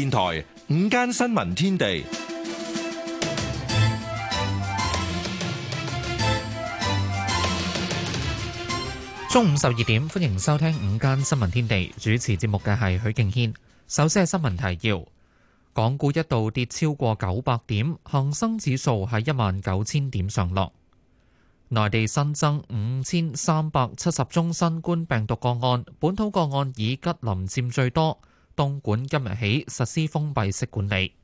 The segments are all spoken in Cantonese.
電台午間新聞天地，中午十二點，歡迎收聽午間新聞天地。主持節目嘅係許敬軒。首先係新聞提要：港股一度跌超過九百點，恒生指數喺一萬九千點上落。內地新增五千三百七十宗新冠病毒個案，本土個案以吉林佔最多。東莞今日起實施封閉式管理。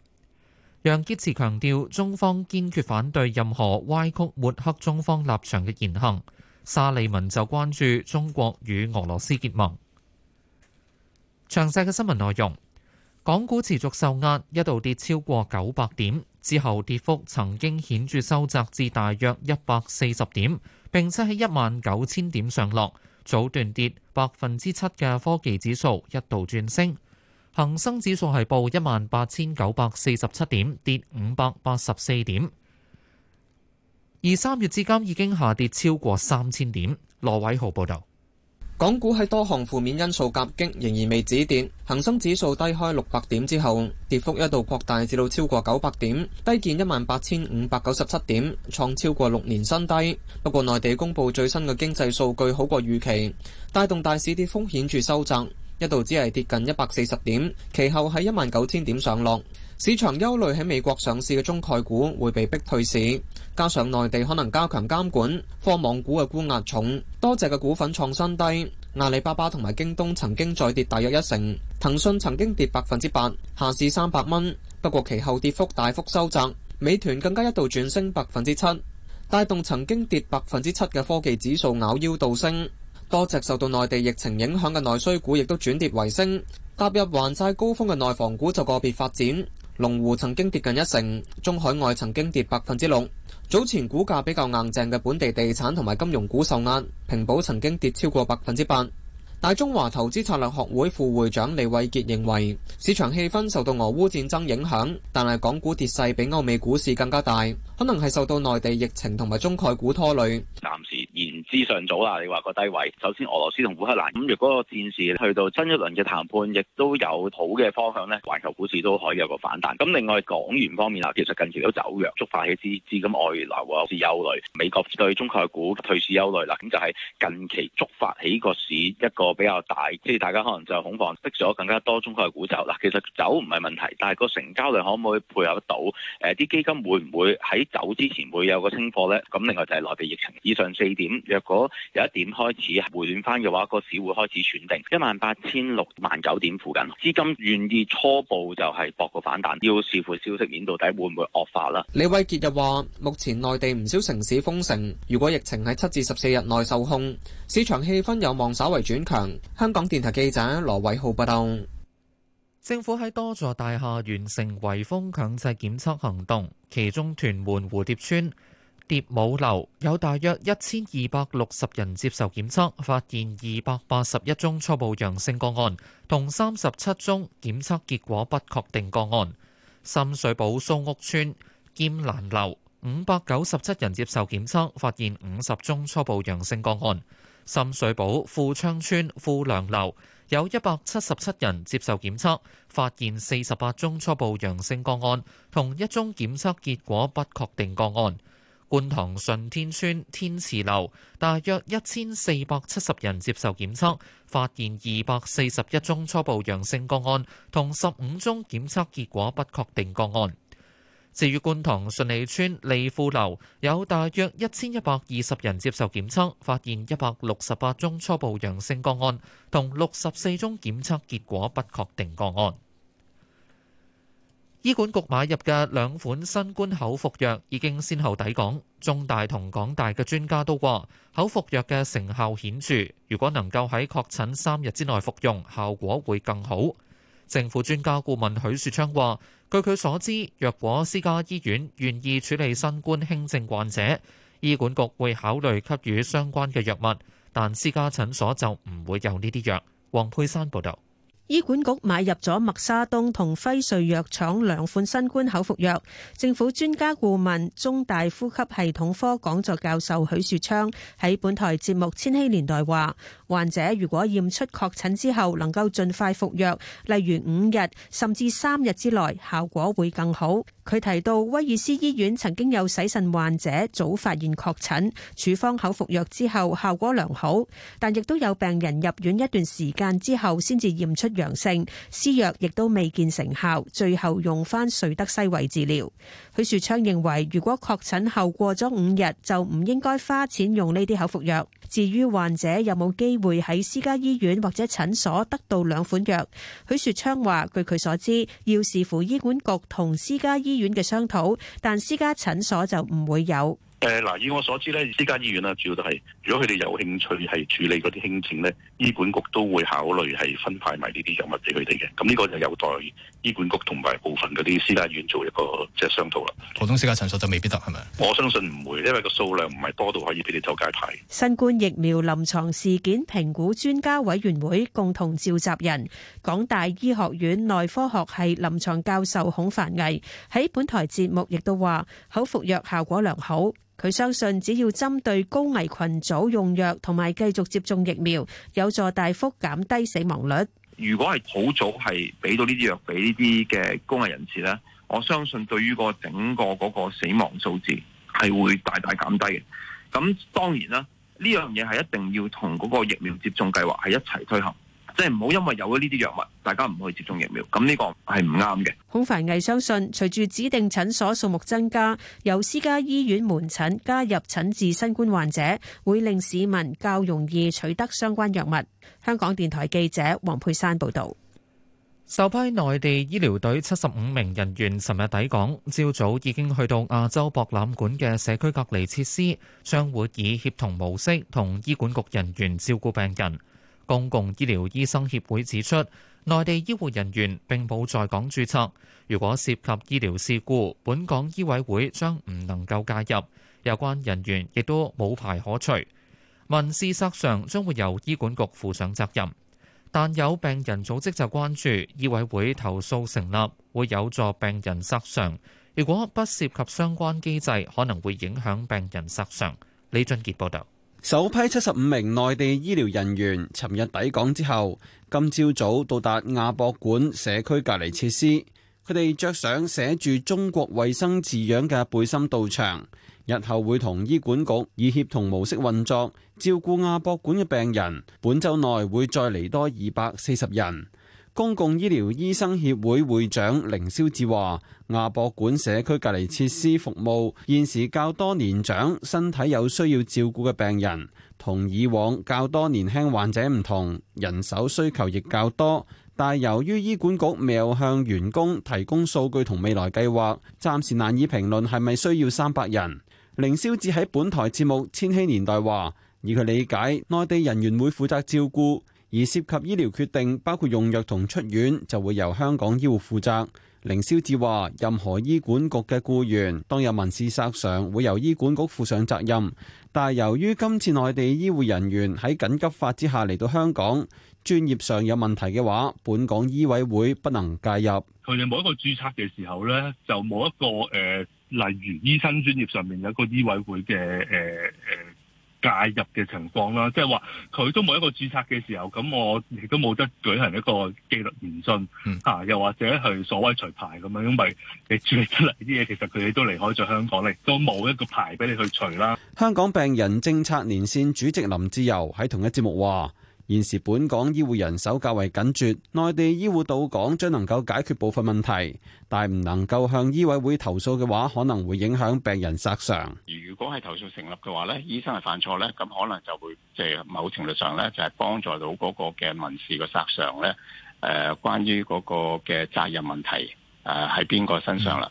楊潔篪強調，中方堅決反對任何歪曲抹黑中方立場嘅言行。沙利文就關注中國與俄羅斯結盟。詳細嘅新聞內容，港股持續受壓，一度跌超過九百點，之後跌幅曾經顯著收窄至大約一百四十點，並且喺一萬九千點上落，早段跌百分之七嘅科技指數一度轉升。恒生指數係報一萬八千九百四十七點，跌五百八十四點，而三月之間已經下跌超過三千點。羅偉豪報道，港股喺多項負面因素夾擊，仍然未止跌。恒生指數低開六百點之後，跌幅一度擴大至到超過九百點，低見一萬八千五百九十七點，創超過六年新低。不過，內地公布最新嘅經濟數據好過預期，帶動大市跌幅顯著收窄。一度只係跌近一百四十點，其後喺一萬九千點上落。市場憂慮喺美國上市嘅中概股會被逼退市，加上內地可能加強監管，科網股嘅沽壓重，多隻嘅股份創新低。阿里巴巴同埋京東曾經再跌大約一成，騰訊曾經跌百分之八，下市三百蚊。不過其後跌幅大幅收窄，美團更加一度轉升百分之七，帶動曾經跌百分之七嘅科技指數咬腰倒升。多隻受到內地疫情影響嘅內需股亦都轉跌為升，踏入還債高峰嘅內房股就個別發展。龍湖曾經跌近一成，中海外曾經跌百分之六。早前股價比較硬淨嘅本地地產同埋金融股受壓，平保曾經跌超過百分之八。大中華投資策略學會副會長李慧傑認為，市場氣氛受到俄烏戰爭影響，但係港股跌勢比歐美股市更加大，可能係受到內地疫情同埋中概股拖累。暫時。之上早啦，你話個低位，首先俄羅斯同烏克蘭咁，若果個戰事去到新一輪嘅談判，亦都有好嘅方向咧，環球股市都可以有個反彈。咁另外港元方面啦，其實近期都走弱，觸發起資資金外流啊，是憂慮美國對中概股退市憂慮啦。咁就係、是、近期觸發起個市一個比較大，即係大家可能就恐慌，逼咗更加多中概股走啦。其實走唔係問題，但係個成交量可唔可以配合得到？誒，啲基金會唔會喺走之前會有個清貨咧？咁另外就係內地疫情，以上四點。若果有一點開始回暖翻嘅話，個市會開始轉定，一萬八千六萬九點附近，資金願意初步就係博個反彈，要視乎消息面到底會唔會惡化啦。李偉杰又話：目前內地唔少城市封城，如果疫情喺七至十四日內受控，市場氣氛有望稍微轉強。香港電台記者羅偉浩報道。政府喺多座大廈完成圍封強制檢測行動，其中屯門蝴蝶村。蝶舞樓有大約一千二百六十人接受檢測，發現二百八十一宗初步陽性個案，同三十七宗檢測結果不確定個案。深水埗蘇屋村劍蘭樓五百九十七人接受檢測，發現五十宗初步陽性個案。深水埗富昌村富良樓有一百七十七人接受檢測，發現四十八宗初步陽性個案，同一宗檢測結果不確定個案。觀塘順天邨天池樓，大約一千四百七十人接受檢測，發現二百四十一宗初步陽性個案，同十五宗檢測結果不確定個案。至於觀塘順利邨利富樓，有大約一千一百二十人接受檢測，發現一百六十八宗初步陽性個案，同六十四宗檢測結果不確定個案。醫管局買入嘅兩款新冠口服藥已經先後抵港，中大同港大嘅專家都話口服藥嘅成效顯著，如果能夠喺確診三日之內服用，效果會更好。政府專家顧問許樹昌話，據佢所知，若果私家醫院願意處理新冠輕症患者，醫管局會考慮給予相關嘅藥物，但私家診所就唔會有呢啲藥。黃佩珊報道。醫管局買入咗默沙東同輝瑞藥廠兩款新冠口服藥。政府專家顧問、中大呼吸系統科講座教授許樹昌喺本台節目千禧年代話：患者如果驗出確診之後，能夠盡快服藥，例如五日甚至三日之內，效果會更好。佢提到威爾斯醫院曾經有洗腎患者早發現確診，處方口服藥之後效果良好，但亦都有病人入院一段時間之後先至驗出陽性，施藥亦都未見成效，最後用翻瑞德西韋治療。許樹昌認為，如果確診後過咗五日，就唔應該花錢用呢啲口服藥。至於患者有冇機會喺私家醫院或者診所得到兩款藥，許雪昌話，據佢所知，要視乎醫管局同私家醫院嘅商討，但私家診所就唔會有。誒，嗱，以我所知咧，私家醫院咧，主要都係如果佢哋有興趣係處理嗰啲輕症咧，醫管局都會考慮係分派埋呢啲藥物俾佢哋嘅。咁呢個就有待醫管局同埋部分嗰啲私家醫院做一個即係商討啦。普通私家診所就未必得，係咪？我相信唔會，因為個數量唔係多到可以俾你周街派。新冠疫苗臨床事件評估專家委員會共同召集人、港大醫學院內科學系臨床教授孔凡毅喺本台節目亦都話：口服藥效果良好。佢相信只要針對高危群組用藥同埋繼續接種疫苗，有助大幅減低死亡率。如果係好早係俾到呢啲藥俾呢啲嘅高危人士咧，我相信對於個整個嗰個死亡數字係會大大減低嘅。咁當然啦，呢樣嘢係一定要同嗰個疫苗接種計劃係一齊推行。即係唔好，因為有咗呢啲藥物，大家唔去接種疫苗，咁呢個係唔啱嘅。孔繁毅相信，隨住指定診所數目增加，由私家醫院門診加入診治新冠患者，會令市民較容易取得相關藥物。香港電台記者黃佩珊報道，首批內地醫療隊七十五名人員尋日抵港，朝早已經去到亞洲博覽館嘅社區隔離設施，將會以協同模式同醫管局人員照顧病人。公共醫療醫生協會指出，內地醫護人員並冇在港註冊，如果涉及醫療事故，本港醫委會將唔能夠介入，有關人員亦都冇牌可除。民事索償將會由醫管局負上責任，但有病人組織就關注醫委會投訴成立會有助病人索償，如果不涉及相關機制，可能會影響病人索償。李俊傑報導。首批七十五名內地醫療人員尋日抵港之後，今朝早到達亞博館社區隔離設施，佢哋着上寫住中國衛生字樣嘅背心到場。日後會同醫管局以協同模式運作，照顧亞博館嘅病人。本周內會再嚟多二百四十人。公共醫療醫生協會會長凌霄志話：亞博館社區隔離設施服務現時較多年長、身體有需要照顧嘅病人，同以往較多年輕患者唔同，人手需求亦較多。但係由於醫管局未有向員工提供數據同未來計劃，暫時難以評論係咪需要三百人。凌霄志喺本台節目千禧年代話：以佢理解，內地人員會負責照顧。而涉及醫療決定，包括用藥同出院，就會由香港醫護負責。凌霄智話：任何醫管局嘅僱員當有民事索償，會由醫管局負上責任。但係由於今次內地醫護人員喺緊急法之下嚟到香港，專業上有問題嘅話，本港醫委會不能介入。佢哋冇一個註冊嘅時候呢，就冇一個誒、呃，例如醫生專業上面有一個醫委會嘅誒誒。呃介入嘅情況啦，即係話佢都冇一個註冊嘅時候，咁我亦都冇得舉行一個紀律嚴峻嚇，又或者係所謂除牌咁樣，因為你處理出嚟啲嘢，其實佢哋都離開咗香港，你都冇一個牌俾你去除啦。香港病人政策連線主席林志釉喺同一節目話。現時本港醫護人手較為緊絀，內地醫護到港將能夠解決部分問題，但唔能夠向醫委會投訴嘅話，可能會影響病人索償。如果係投訴成立嘅話咧，醫生係犯錯咧，咁可能就會即係、就是、某程度上咧就係幫助到嗰個嘅民事嘅索償咧。誒、呃，關於嗰個嘅責任問題誒，喺邊個身上啦？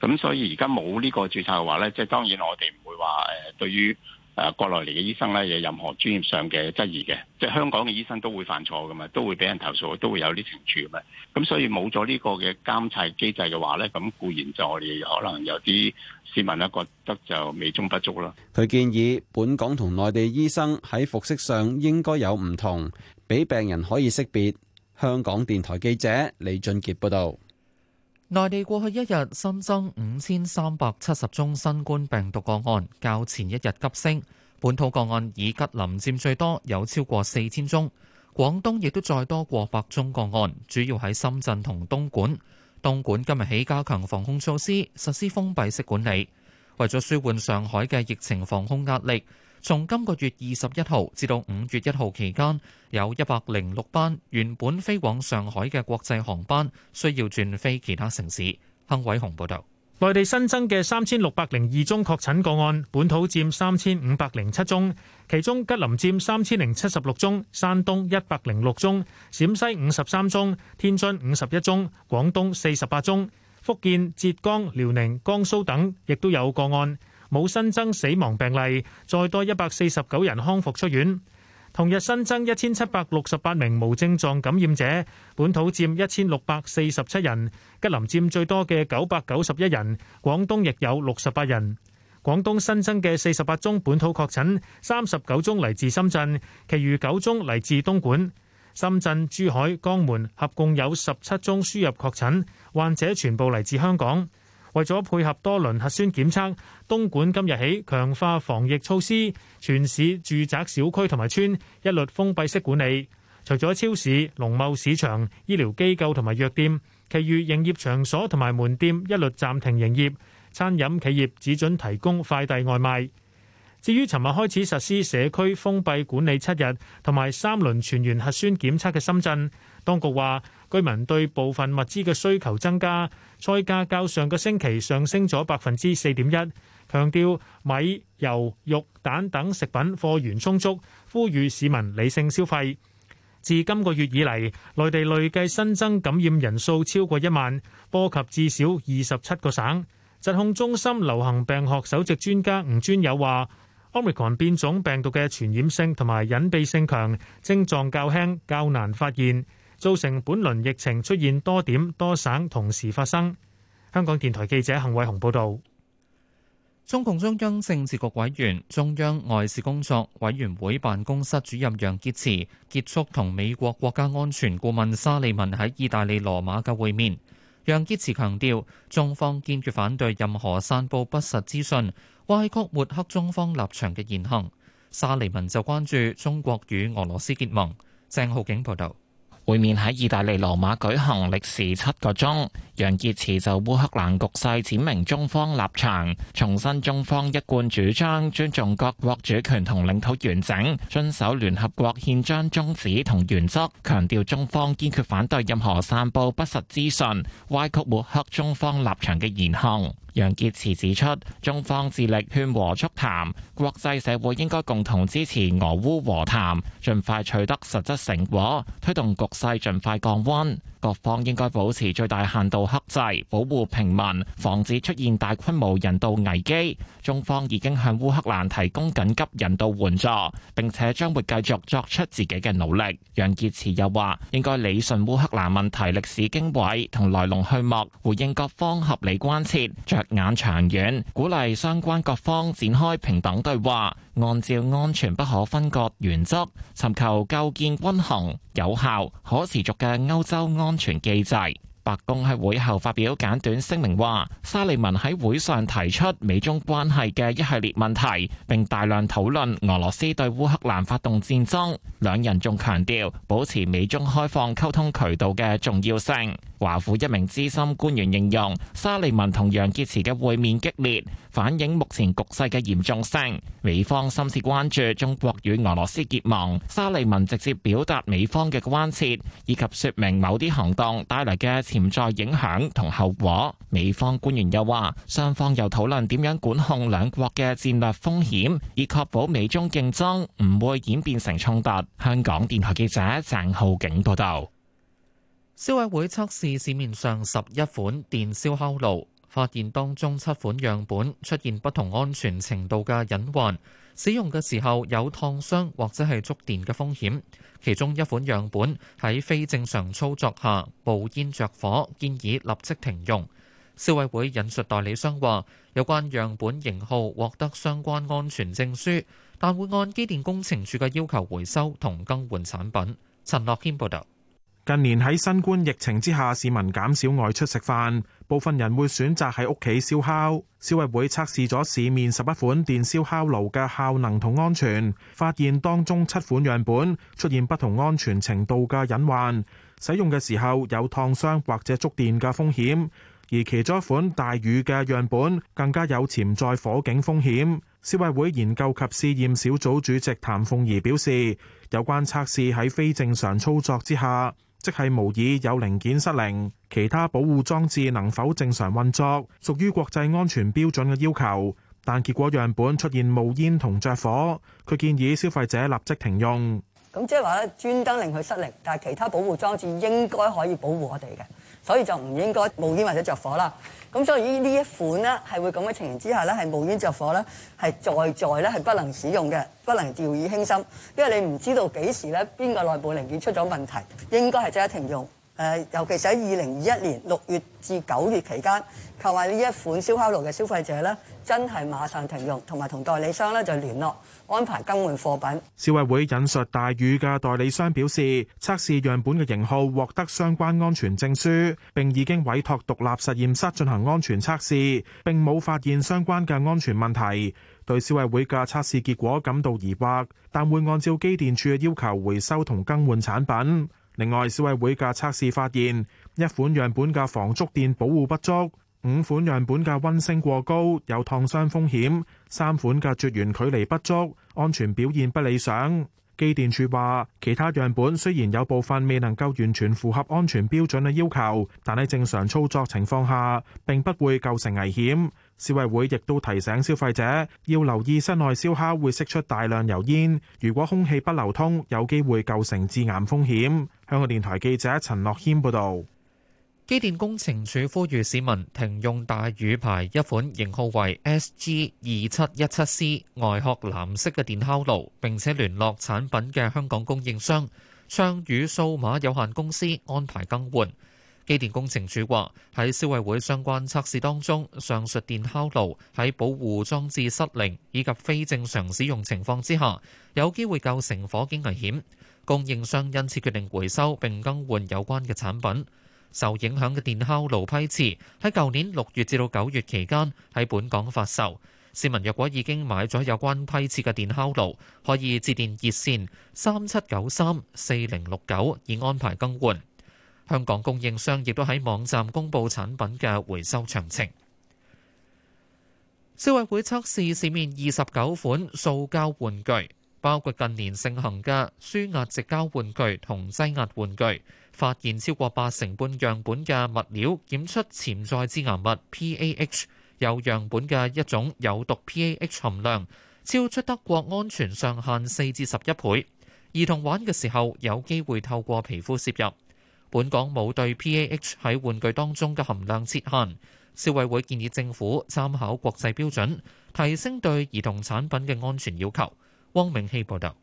咁、嗯、所以而家冇呢個註冊嘅話咧，即、就、係、是、當然我哋唔會話誒對於。誒國內嚟嘅醫生咧，有任何專業上嘅質疑嘅，即係香港嘅醫生都會犯錯㗎嘛，都會俾人投訴，都會有啲懲處㗎嘛。咁所以冇咗呢個嘅監察機制嘅話咧，咁固然就我哋可能有啲市民咧覺得就美中不足啦。佢建議本港同內地醫生喺服飾上應該有唔同，俾病人可以識別。香港電台記者李俊傑報道。內地過去一日新增五千三百七十宗新冠病毒個案，較前一日急升。本土個案以吉林佔最多，有超過四千宗。廣東亦都再多過百宗個案，主要喺深圳同東莞。東莞今日起加強防控措施，實施封閉式管理，為咗舒緩上海嘅疫情防控壓力。從今個月二十一號至到五月一號期間，有一百零六班原本飛往上海嘅國際航班需要轉飛其他城市。彭偉雄報導，內地新增嘅三千六百零二宗確診個案，本土佔三千五百零七宗，其中吉林佔三千零七十六宗，山東一百零六宗，陝西五十三宗，天津五十一宗，廣東四十八宗，福建、浙江、遼寧、江蘇等亦都有個案。冇新增死亡病例，再多一百四十九人康復出院。同日新增一千七百六十八名無症狀感染者，本土佔一千六百四十七人，吉林佔最多嘅九百九十一人，廣東亦有六十八人。廣東新增嘅四十八宗本土確診，三十九宗嚟自深圳，其餘九宗嚟自東莞。深圳、珠海、江門合共有十七宗輸入確診，患者全部嚟自香港。為咗配合多輪核酸檢測，東莞今日起強化防疫措施，全市住宅小區同埋村一律封閉式管理。除咗超市、農貿市場、醫療機構同埋藥店，其餘營業場所同埋門店一律暫停營業。餐飲企業只准提供快遞外賣。至於尋日開始實施社區封閉管理七日同埋三輪全員核酸檢測嘅深圳，當局話：居民對部分物資嘅需求增加，菜價較上個星期上升咗百分之四點一。強調米、油、肉、蛋等食品貨源充足，呼籲市民理性消費。自今個月以嚟，內地累計新增感染人數超過一萬，波及至少二十七個省。疾控中心流行病學首席專家吳尊友話：奧密克戎變種病毒嘅傳染性同埋隱蔽性強，症狀較輕，較難發現。造成本輪疫情出現多點多省同時發生。香港電台記者幸偉雄報道，中共中央政治局委員，中央外事工作委員會辦公室主任楊潔篪結束同美國國家安全顧問沙利文喺意大利羅馬嘅會面。楊潔篪強調中方堅決反對任何散布不實資訊、歪曲抹黑中方立場嘅言行。沙利文就關注中國與俄羅斯結盟。鄭浩景報道。會面喺意大利羅馬舉行，歷時七個鐘。楊潔篪就烏克蘭局勢闡明中方立場，重申中方一貫主張尊重各國主權同領土完整，遵守聯合國憲章宗旨同原則，強調中方堅決反對任何散布不實資訊、歪曲抹黑中方立場嘅言行。楊潔篪指出，中方致力勸和促談，國際社會應該共同支持俄烏和談，盡快取得實質成果，推動局勢盡快降溫。各方應該保持最大限度克制，保護平民，防止出現大規模人道危機。中方已經向烏克蘭提供緊急人道援助，並且將會繼續作出自己嘅努力。楊潔篪又話，應該理順烏克蘭問題歷史經緯同來龍去脈，回應各方合理關切。眼長遠，鼓勵相關各方展開平等對話，按照安全不可分割原則，尋求構建均衡、有效、可持續嘅歐洲安全機制。白宮喺會後發表簡短聲明話，沙利文喺會上提出美中關係嘅一系列問題，並大量討論俄羅斯對烏克蘭發動戰爭。兩人仲強調保持美中開放溝通渠道嘅重要性。華府一名資深官員形容，沙利文同楊潔篪嘅會面激烈。反映目前局勢嘅嚴重性，美方深切關注中國與俄羅斯結盟。沙利文直接表達美方嘅關切，以及說明某啲行動帶嚟嘅潛在影響同後果。美方官員又話雙方又討論點樣管控兩國嘅戰略風險，以確保美中競爭唔會演變成衝突。香港電台記者鄭浩景報道。消委會測試市面上十一款電燒烤爐。發現當中七款樣本出現不同安全程度嘅隱患，使用嘅時候有燙傷或者係觸電嘅風險。其中一款樣本喺非正常操作下冒煙着火，建議立即停用。消委會引述代理商話：有關樣本型號獲得相關安全證書，但會按機電工程署嘅要求回收同更換產品。陳樂軒報道。近年喺新冠疫情之下，市民減少外出食飯，部分人會選擇喺屋企燒烤。消委會測試咗市面十一款電燒烤爐嘅效能同安全，發現當中七款樣本出現不同安全程度嘅隱患，使用嘅時候有燙傷或者觸電嘅風險。而其中一款大宇嘅樣本更加有潛在火警風險。消委會研究及試驗小組主席譚鳳儀表示，有關測試喺非正常操作之下。即係模擬有零件失靈，其他保護裝置能否正常運作，屬於國際安全標準嘅要求。但結果樣本出現冒煙同着火，佢建議消費者立即停用。咁即係話咧，專登令佢失靈，但係其他保護裝置應該可以保護我哋嘅。所以就唔應該冒煙或者着火啦。咁所以呢一款咧係會咁嘅情形之下咧係冒煙着火咧，係在在咧係不能使用嘅，不能掉以輕心，因為你唔知道幾時咧邊個內部零件出咗問題，應該係即刻停用。誒，尤其是喺二零二一年六月至九月期間，購買呢一款燒烤爐嘅消費者咧，真係馬上停用，同埋同代理商咧就聯絡安排更換貨品。消委會引述大宇嘅代理商表示，測試樣本嘅型號獲得相關安全證書，並已經委託獨立實驗室進行安全測試，並冇發現相關嘅安全問題。對消委會嘅測試結果感到疑惑，但會按照機電處嘅要求回收同更換產品。另外，消委會嘅測試發現，一款樣本嘅防觸電保護不足，五款樣本嘅溫升過高，有燙傷風險，三款嘅絕緣距離不足，安全表現不理想。機電署話，其他樣本雖然有部分未能夠完全符合安全標準嘅要求，但喺正常操作情況下，並不會構成危險。消委會亦都提醒消費者要留意室內燒烤會釋出大量油煙，如果空氣不流通，有機會構成致癌風險。香港電台記者陳樂謙報道。機電工程署呼籲市民停用大宇牌一款型號為 SG 二七一七 C、外殼藍色嘅電烤爐，並且聯絡產品嘅香港供應商昌宇數碼有限公司安排更換。機電工程署話喺消委會相關測試當中，上述電烤爐喺保護裝置失靈以及非正常使用情況之下，有機會構成火警危險。供應商因此決定回收並更換有關嘅產品。受影響嘅電烤爐批次喺舊年六月至到九月期間喺本港發售。市民若果已經買咗有關批次嘅電烤爐，可以致電熱線三七九三四零六九以安排更換。香港供應商亦都喺網站公佈產品嘅回收詳情。消委會測試市面二十九款塑膠玩具。包括近年盛行嘅舒壓矽膠玩具同擠壓玩具，發現超過八成半樣本嘅物料檢出潛在致癌物 P A H，有樣本嘅一種有毒 P A H 含量超出德國安全上限四至十一倍。兒童玩嘅時候有機會透過皮膚攝入。本港冇對 P A H 喺玩具當中嘅含量設限，消委會建議政府參考國際標準，提升對兒童產品嘅安全要求。汪明希報道。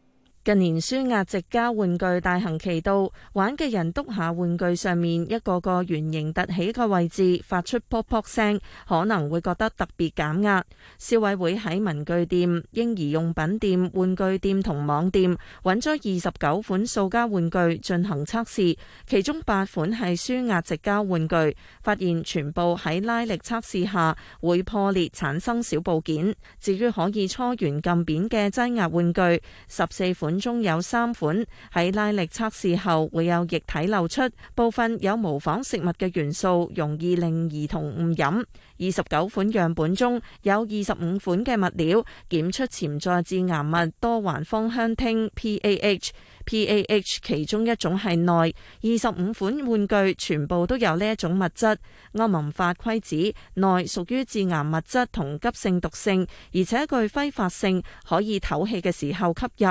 近年舒壓矽膠玩具大行其道，玩嘅人篤下玩具上面一個個圓形凸起個位置，發出卜卜聲，可能會覺得特別減壓。消委會喺文具店、嬰兒用品店、玩具店同網店揾咗二十九款塑膠玩具進行測試，其中八款係舒壓矽膠玩具，發現全部喺拉力測試下會破裂產生小部件。至於可以搓圓撳扁嘅擠壓玩具，十四款。中有三款喺拉力測試後會有液體漏出，部分有模仿食物嘅元素，容易令兒童誤飲。二十九款樣本中有二十五款嘅物料檢出潛在致癌物多環芳香烴 （PAH）。PAH 其中一種係內，二十五款玩具全部都有呢一種物質。歐盟法規指內屬於致癌物質同急性毒性，而且具揮發性，可以唞氣嘅時候吸入。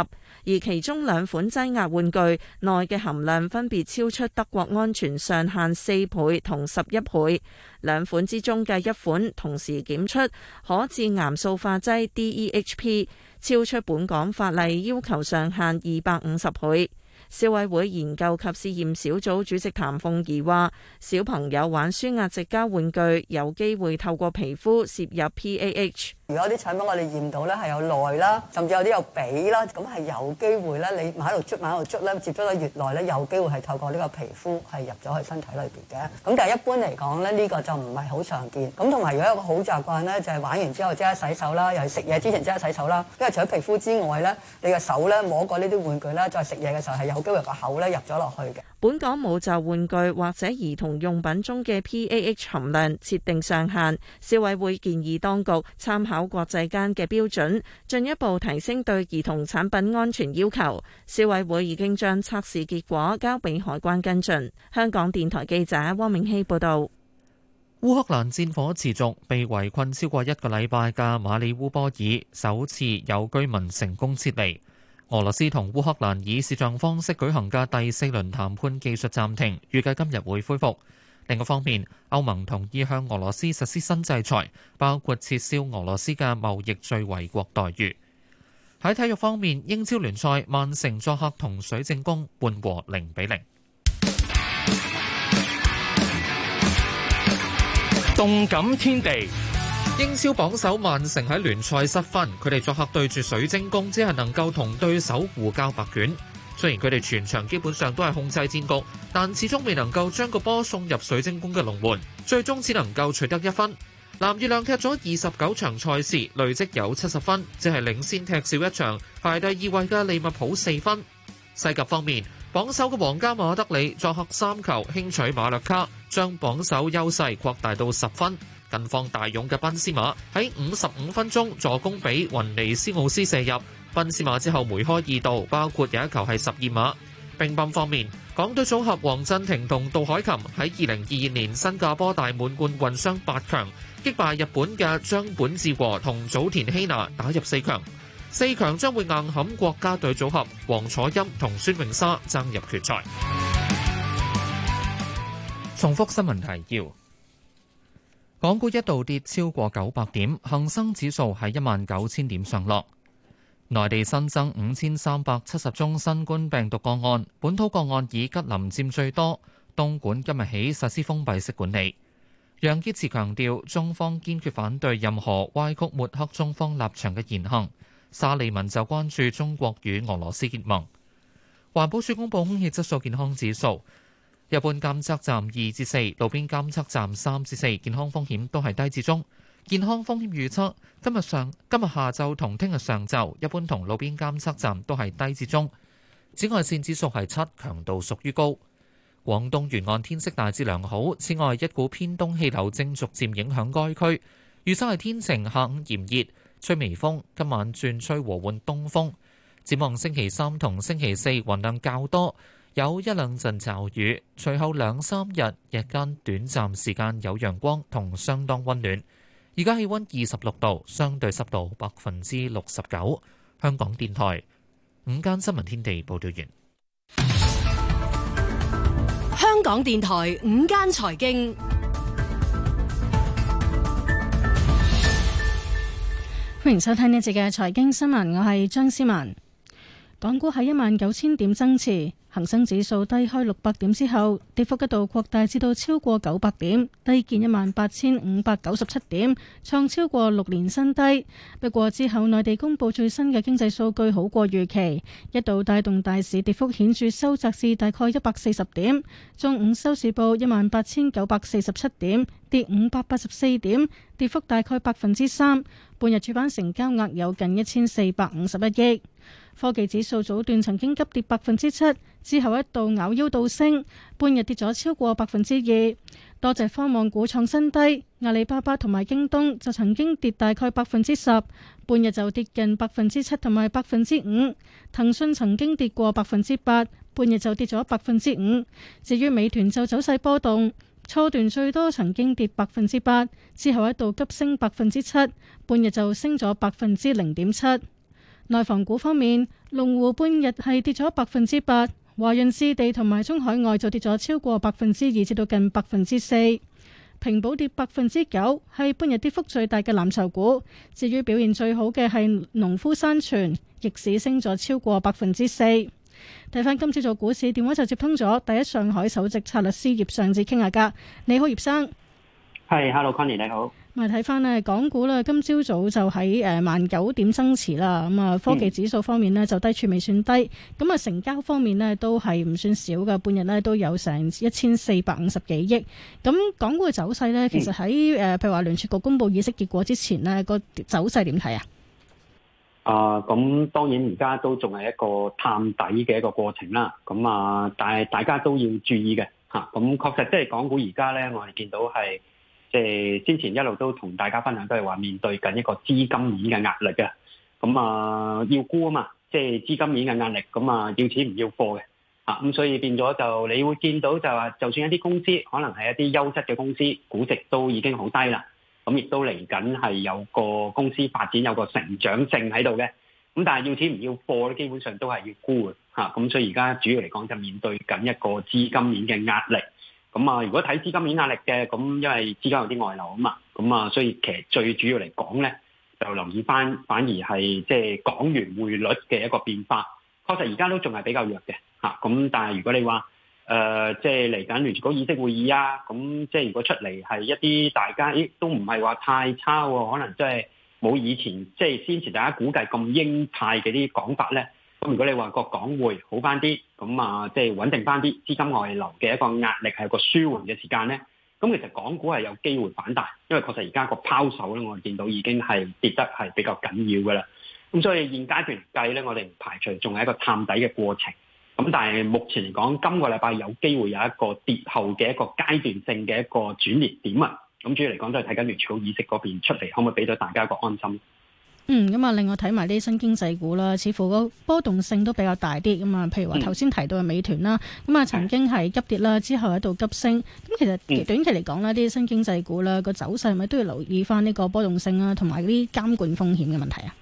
而其中兩款擠壓玩具內嘅含量分別超出德國安全上限四倍同十一倍。兩款之中嘅一款同時檢出可致癌塑化劑 DEHP。超出本港法例要求上限二百五十倍。消委會研究及試驗小組主席譚鳳儀話：小朋友玩舒壓直膠玩具，有機會透過皮膚攝入 PAH。如果啲產品我哋驗到咧係有耐啦，甚至有啲有髀啦，咁係有機會咧，你玩喺度捽，玩喺度捽咧，接觸得越耐咧，有機會係透過呢個皮膚係入咗去身體裏邊嘅。咁但係一般嚟講咧，呢個就唔係好常見。咁同埋如果一個好習慣咧，就係玩完之後即刻洗手啦，又係食嘢之前即刻洗手啦。因為除咗皮膚之外咧，你個手咧摸過呢啲玩具啦，再食嘢嘅時候係有機會個口咧入咗落去嘅。本港冇就玩具或者兒童用品中嘅 PAH 含量設定上限，消委會建議當局參考國際間嘅標準，進一步提升對兒童產品安全要求。消委會已經將測試結果交俾海關跟進。香港電台記者汪明熙報道。烏克蘭戰火持續，被圍困超過一個禮拜嘅馬里烏波爾首次有居民成功撤離。俄羅斯同烏克蘭以視像方式舉行嘅第四輪談判技術暫停，預計今日會恢復。另一方面，歐盟同意向俄羅斯實施新制裁，包括撤銷俄羅斯嘅貿易最惠國待遇。喺體育方面，英超聯賽曼城作客同水晶宮悶和零比零。動感天地。英超榜首曼城喺聯賽失分，佢哋作客對住水晶宮，只係能夠同對手互交白卷。雖然佢哋全場基本上都係控制戰局，但始終未能夠將個波送入水晶宮嘅龍門，最終只能夠取得一分。藍月亮踢咗二十九場賽事，累積有七十分，只係領先踢少一場，排第二位嘅利物浦四分。西甲方面，榜首嘅皇家馬德里作客三球輕取馬略卡，將榜首優勢擴大到十分。近況大勇嘅賓斯馬喺五十五分鐘助攻俾雲尼斯奧斯射入，賓斯馬之後梅開二度，包括有一球係十二碼。乒乓方面，港隊組合黃鎮廷同杜凱琹喺二零二二年新加坡大滿貫混雙八強擊敗日本嘅張本智和同早田希娜，打入四強。四強將會硬撼國家隊組合王楚欽同孫穎莎，爭入決賽。重複新聞提要。港股一度跌超過九百點，恒生指數喺一萬九千點上落。內地新增五千三百七十宗新冠病毒個案，本土個案以吉林佔最多。東莞今日起實施封閉式管理。楊潔篪強調，中方堅決反對任何歪曲抹黑中方立場嘅言行。沙利文就關注中國與俄羅斯結盟。環保署公布空氣質素健康指數。一般監測站二至四，路邊監測站三至四，健康風險都係低至中。健康風險預測今日上、今日下晝同聽日上晝，一般同路邊監測站都係低至中。紫外線指數係七，強度屬於高。廣東沿岸天色大致良好，此外一股偏東氣流正逐漸影響該區。預測係天晴，下午炎熱，吹微風。今晚轉吹和緩東風。展望星期三同星期四雲量較多。有一兩陣驟雨，隨後兩三日日間短暫時間有陽光同相當溫暖。而家氣溫二十六度，相對濕度百分之六十九。香港電台午間新聞天地報道完。香港電台午間財經，歡迎收聽呢節嘅財經新聞，我係張思文。港股喺一萬九千點增持。恒生指數低開六百點之後，跌幅一度擴大至到超過九百點，低見一萬八千五百九十七點，創超過六年新低。不過之後內地公布最新嘅經濟數據好過預期，一度帶動大市跌幅顯著收窄至大概一百四十點。中午收市報一萬八千九百四十七點。跌五百八十四點，跌幅大概百分之三。半日主板成交額有近一千四百五十一億。科技指數早段曾經急跌百分之七，之後一度咬腰倒升，半日跌咗超過百分之二。多隻科網股創新低，阿里巴巴同埋京東就曾經跌大概百分之十，半日就跌近百分之七同埋百分之五。騰訊曾經跌過百分之八，半日就跌咗百分之五。至於美團就走勢波動。初段最多曾經跌百分之八，之後一度急升百分之七，半日就升咗百分之零點七。內房股方面，龍湖半日係跌咗百分之八，華潤置地同埋中海外就跌咗超過百分之二，至到近百分之四。平保跌百分之九，係半日跌幅最大嘅藍籌股。至於表現最好嘅係農夫山泉，逆市升咗超過百分之四。睇翻今朝早股市，電話就接通咗第一上海首席策略師葉尚志傾下偈。你好，葉生。係、hey，Hello，Connie，你好。咁啊，睇翻呢港股咧今朝早，早就喺誒萬九點增持啦。咁啊，科技指數方面呢，就低處未算低。咁啊，成交方面呢，都係唔算少嘅，半日呢，都有成一千四百五十幾億。咁港股嘅走勢呢，其實喺誒譬如話聯儲局公布議息結果之前呢，個走勢點睇啊？啊，咁、呃、當然而家都仲係一個探底嘅一個過程啦。咁啊，但係大家都要注意嘅吓。咁、啊、確實即係港股而家咧，我哋見到係即係先前一路都同大家分享都係話面對緊一個資金面嘅壓力嘅。咁啊，要沽啊嘛，即、就、係、是、資金面嘅壓力。咁啊，要錢唔要貨嘅。啊，咁所以變咗就你會見到就話，就算一啲公司可能係一啲優質嘅公司，估值都已經好低啦。咁亦都嚟緊係有個公司發展有個成長性喺度嘅，咁但係要錢唔要貨咧，基本上都係要沽嘅嚇咁、啊、所以而家主要嚟講就面對緊一個資金面嘅壓力。咁啊，如果睇資金面壓力嘅，咁因為資金有啲外流啊嘛，咁啊，所以其實最主要嚟講咧，就留意翻反而係即係港元匯率嘅一個變化。確實而家都仲係比較弱嘅嚇，咁、啊、但係如果你話，誒、呃，即係嚟緊聯儲嗰議息會議啊，咁、嗯、即係如果出嚟係一啲大家，都唔係話太差喎、哦，可能即係冇以前即係先前大家估計咁鷹派嘅啲講法咧。咁如果你話個港匯好翻啲，咁、嗯、啊，即係穩定翻啲資金外流嘅一個壓力係個舒緩嘅時間咧。咁、嗯、其實港股係有機會反彈，因為確實而家個拋售咧，我哋見到已經係跌得係比較緊要㗎喇。咁、嗯、所以現階段嚟計咧，我哋唔排除仲係一個探底嘅過程。咁但係目前嚟講，今個禮拜有機會有一個跌後嘅一個階段性嘅一個轉捩點啊！咁主要嚟講都係睇緊聯儲議息嗰邊出嚟，可唔可以俾到大家一個安心？嗯，咁啊，另外睇埋啲新經濟股啦，似乎個波動性都比較大啲咁啊。譬如話頭先提到嘅美團啦，咁啊、嗯、曾經係急跌啦，之後喺度急升。咁其實短期嚟講啦，啲、嗯、新經濟股啦個走勢係咪都要留意翻呢個波動性啦，同埋啲監管風險嘅問題啊？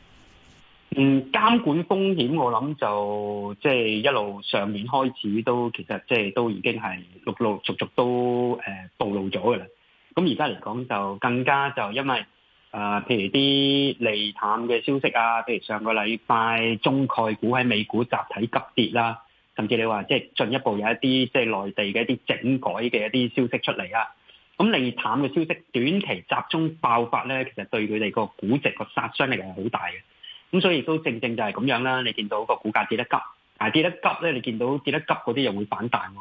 嗯，監管風險我諗就即係、就是、一路上年開始都其實即係都已經係陸陸續續都誒、呃、暴露咗嘅啦。咁而家嚟講就更加就因為誒、呃、譬如啲利淡嘅消息啊，譬如上個禮拜中概股喺美股集體急跌啦，甚至你話即係進一步有一啲即係內地嘅一啲整改嘅一啲消息出嚟啊。咁利淡嘅消息短期集中爆發咧，其實對佢哋個估值個殺傷力係好大嘅。咁所以都正正就係咁樣啦，你見到個股價跌得急，但係跌得急咧，你見到跌得急嗰啲又會反彈喎。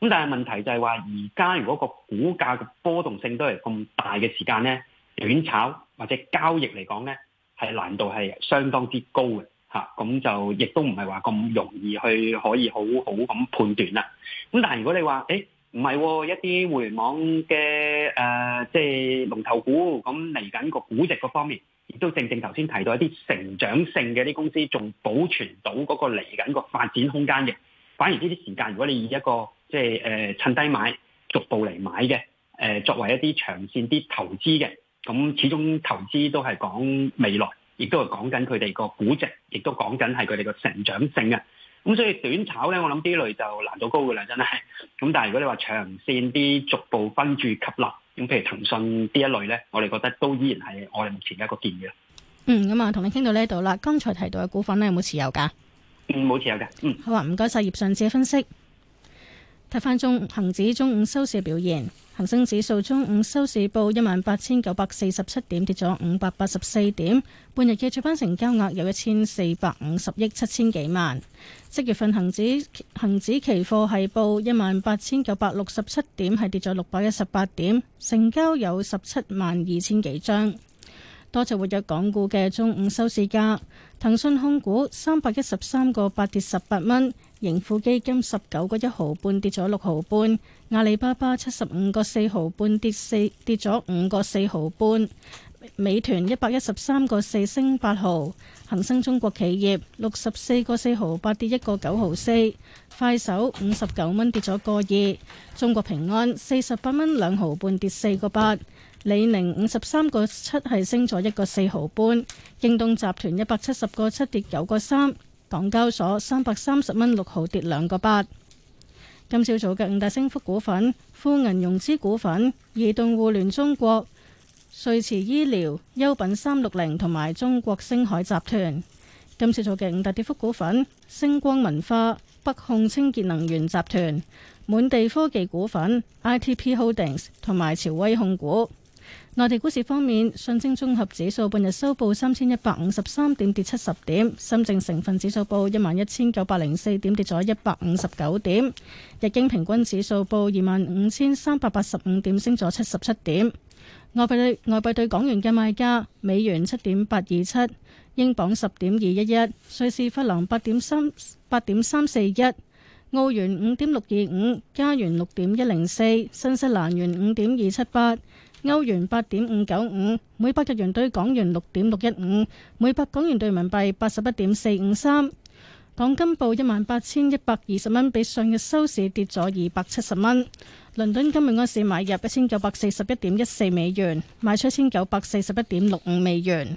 咁但係問題就係話，而家如果個股價嘅波動性都係咁大嘅時間咧，短炒或者交易嚟講咧，係難度係相當之高嘅嚇。咁就亦都唔係話咁容易去可以好好咁判斷啦。咁但係如果你話，誒唔係一啲互聯網嘅誒，即係龍頭股咁嚟緊個估值嗰方面。亦都正正頭先提到一啲成長性嘅啲公司，仲保存到嗰個嚟緊個發展空間嘅。反而呢啲時間，如果你以一個即係誒趁低買，逐步嚟買嘅誒、呃，作為一啲長線啲投資嘅，咁始終投資都係講未來，亦都係講緊佢哋個估值，亦都講緊係佢哋個成長性嘅。咁所以短炒咧，我諗呢類就難度高嘅啦，真係。咁但係如果你話長線啲，逐步分住吸納。咁譬如騰訊呢一類咧，我哋覺得都依然係我哋目前一個建議。嗯，咁啊，同你傾到呢度啦。剛才提到嘅股份咧，有冇持有噶？嗯，嗯，冇持有嘅。嗯，好啊，唔該晒葉尚志嘅分析。睇翻中恒指中午收市表現，恒生指數中午收市報一萬八千九百四十七點，跌咗五百八十四點。半日嘅主板成交額有一千四百五十億七千幾萬。七月份恒指恆指期貨係報一萬八千九百六十七點，係跌咗六百一十八點，成交有十七萬二千幾張。多隻活躍港股嘅中午收市價，騰訊控股三百一十三個八跌十八蚊，盈富基金十九個一毫半跌咗六毫半，阿里巴巴七十五個四毫半跌四跌咗五個四毫半，美團一百一十三個四升八毫，恒生中國企業六十四個四毫八跌一個九毫四，快手五十九蚊跌咗個二，中國平安四十八蚊兩毫半跌四個八，李寧五十三個七係升咗一個四毫半，京東集團一百七十個七跌九個三。港交所三百三十蚊六毫跌兩個八。今朝早嘅五大升幅股份：富銀融資股份、移動互聯中國、瑞馳醫療、優品三六零同埋中國星海集團。今朝早嘅五大跌幅股份：星光文化、北控清潔能源集團、滿地科技股份、ITP Holdings 同埋朝威控股。內地股市方面，上證綜合指數半日收報三千一百五十三點，跌七十點；深證成分指數報一萬一千九百零四點，跌咗一百五十九點；日經平均指數報二萬五千三百八十五點，升咗七十七點。外幣，外幣兌港元嘅賣家：美元七點八二七，英鎊十點二一一，瑞士法郎八點三八點三四一，澳元五點六二五，加元六點一零四，新西蘭元五點二七八。歐元八點五九五，每百日元兌港元六點六一五，每百港元兌人民幣八十一點四五三。港金報一萬八千一百二十蚊，比上日收市跌咗二百七十蚊。倫敦今日安市買入一千九百四十一點一四美元，賣出一千九百四十一點六五美元。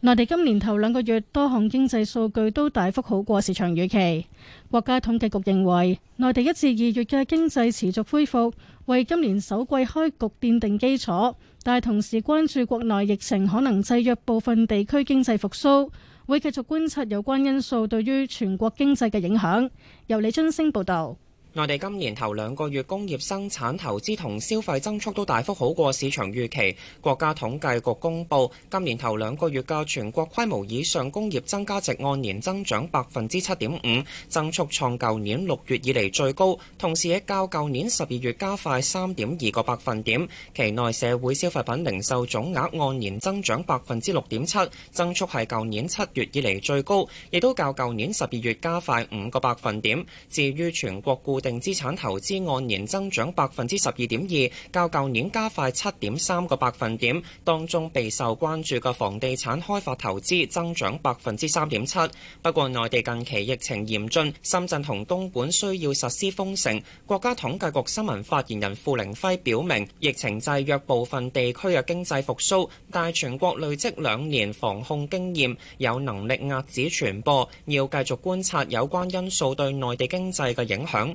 內地今年頭兩個月多項經濟數據都大幅好過市場預期。國家統計局認為，內地一至二月嘅經濟持續恢復，為今年首季開局奠定基礎。但係同時關注國內疫情可能制約部分地區經濟復蘇，會繼續觀察有關因素對於全國經濟嘅影響。由李津升報道。內地今年頭兩個月工業生產投資同消費增速都大幅好過市場預期。國家統計局公布，今年頭兩個月嘅全國規模以上工業增加值按年增長百分之七點五，增速創舊年六月以嚟最高，同時亦較舊年十二月加快三點二個百分點。期內社會消費品零售總額按年增長百分之六點七，增速係舊年七月以嚟最高，亦都較舊年十二月加快五個百分點。至於全國固定定資產投資按年增長百分之十二點二，較舊年加快七點三個百分點。當中備受關注嘅房地產開發投資增長百分之三點七。不過，內地近期疫情嚴峻，深圳同東莞需要實施封城。國家統計局新聞發言人付凌暉表明，疫情制約部分地區嘅經濟復甦，但全國累積兩年防控經驗，有能力遏止傳播。要繼續觀察有關因素對內地經濟嘅影響。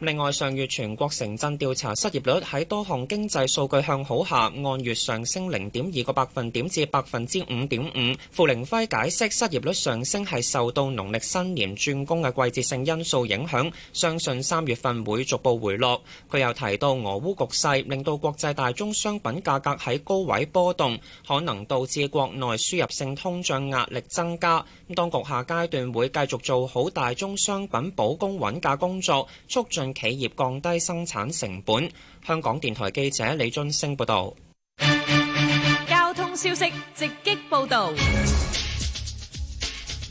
另外，上月全國城鎮調查失業率喺多項經濟數據向好下，按月上升零點二個百分點至百分之五點五。傅凌輝解釋，失業率上升係受到農曆新年轉工嘅季節性因素影響，相信三月份會逐步回落。佢又提到俄烏局勢令到國際大宗商品價格喺高位波動，可能導致國內輸入性通脹壓力增加。咁，當局下階段會繼續做好大宗商品保供穩價工作，促進企業降低生產成本。香港電台記者李俊升報導。交通消息直擊報導。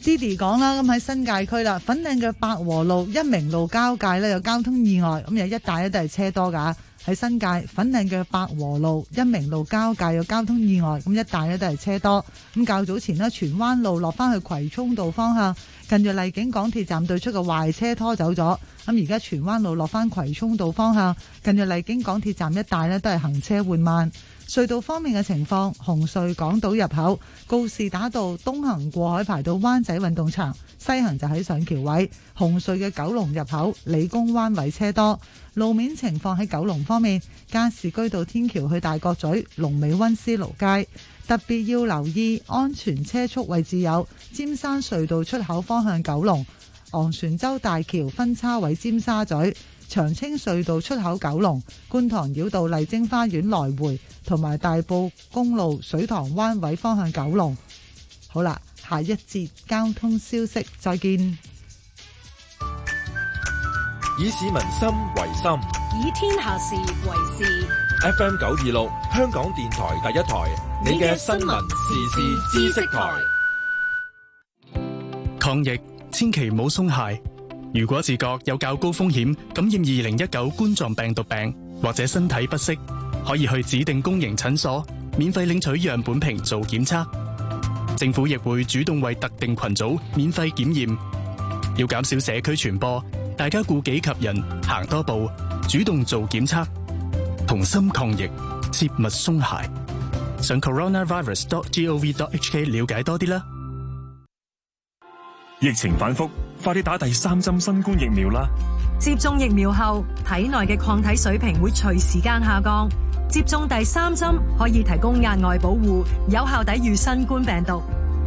Diddy 講啦，咁喺新界區啦，粉嶺嘅百和路、一明路交界咧有交通意外，咁有一帶一都係車多㗎。喺新界粉嶺嘅百和路、恩明路交界有交通意外，咁一帶呢都係車多。咁較早前呢，荃灣路落翻去葵涌道方向，近住荔景港鐵站對出嘅壞車拖走咗，咁而家荃灣路落翻葵涌道方向，近住荔景港鐵站一帶呢都係行車緩慢。隧道方面嘅情況，紅隧港島入口告士打道東行過海排到灣仔運動場，西行就喺上橋位；紅隧嘅九龍入口，理工灣位車多。路面情況喺九龍方面，加士居道天橋去大角咀、龍尾溫斯勞街，特別要留意安全車速位置有尖山隧道出口方向九龍昂船洲大橋分叉位尖沙咀。長青隧道出口九龍，九龍觀塘繞道麗晶花園來回，同埋大埔公路水塘灣位方向九龍。好啦，下一節交通消息，再見。以市民心為心，以天下事為事。F M 九二六，香港電台第一台，你嘅新聞時事知識台。抗疫，千祈唔好鬆懈。如果自覺有較高風險感染2019冠狀病毒病，或者身體不適，可以去指定公營診所免費領取樣本瓶做檢測。政府亦會主動為特定群組免費檢驗。要減少社區傳播，大家顧己及人，行多步，主動做檢測，同心抗疫，切勿鬆懈。上 coronavirus.gov.hk 了解多啲啦。疫情反覆，快啲打第三針新冠疫苗啦！接種疫苗後，體內嘅抗體水平會隨時間下降，接種第三針可以提供額外保護，有效抵禦新冠病毒。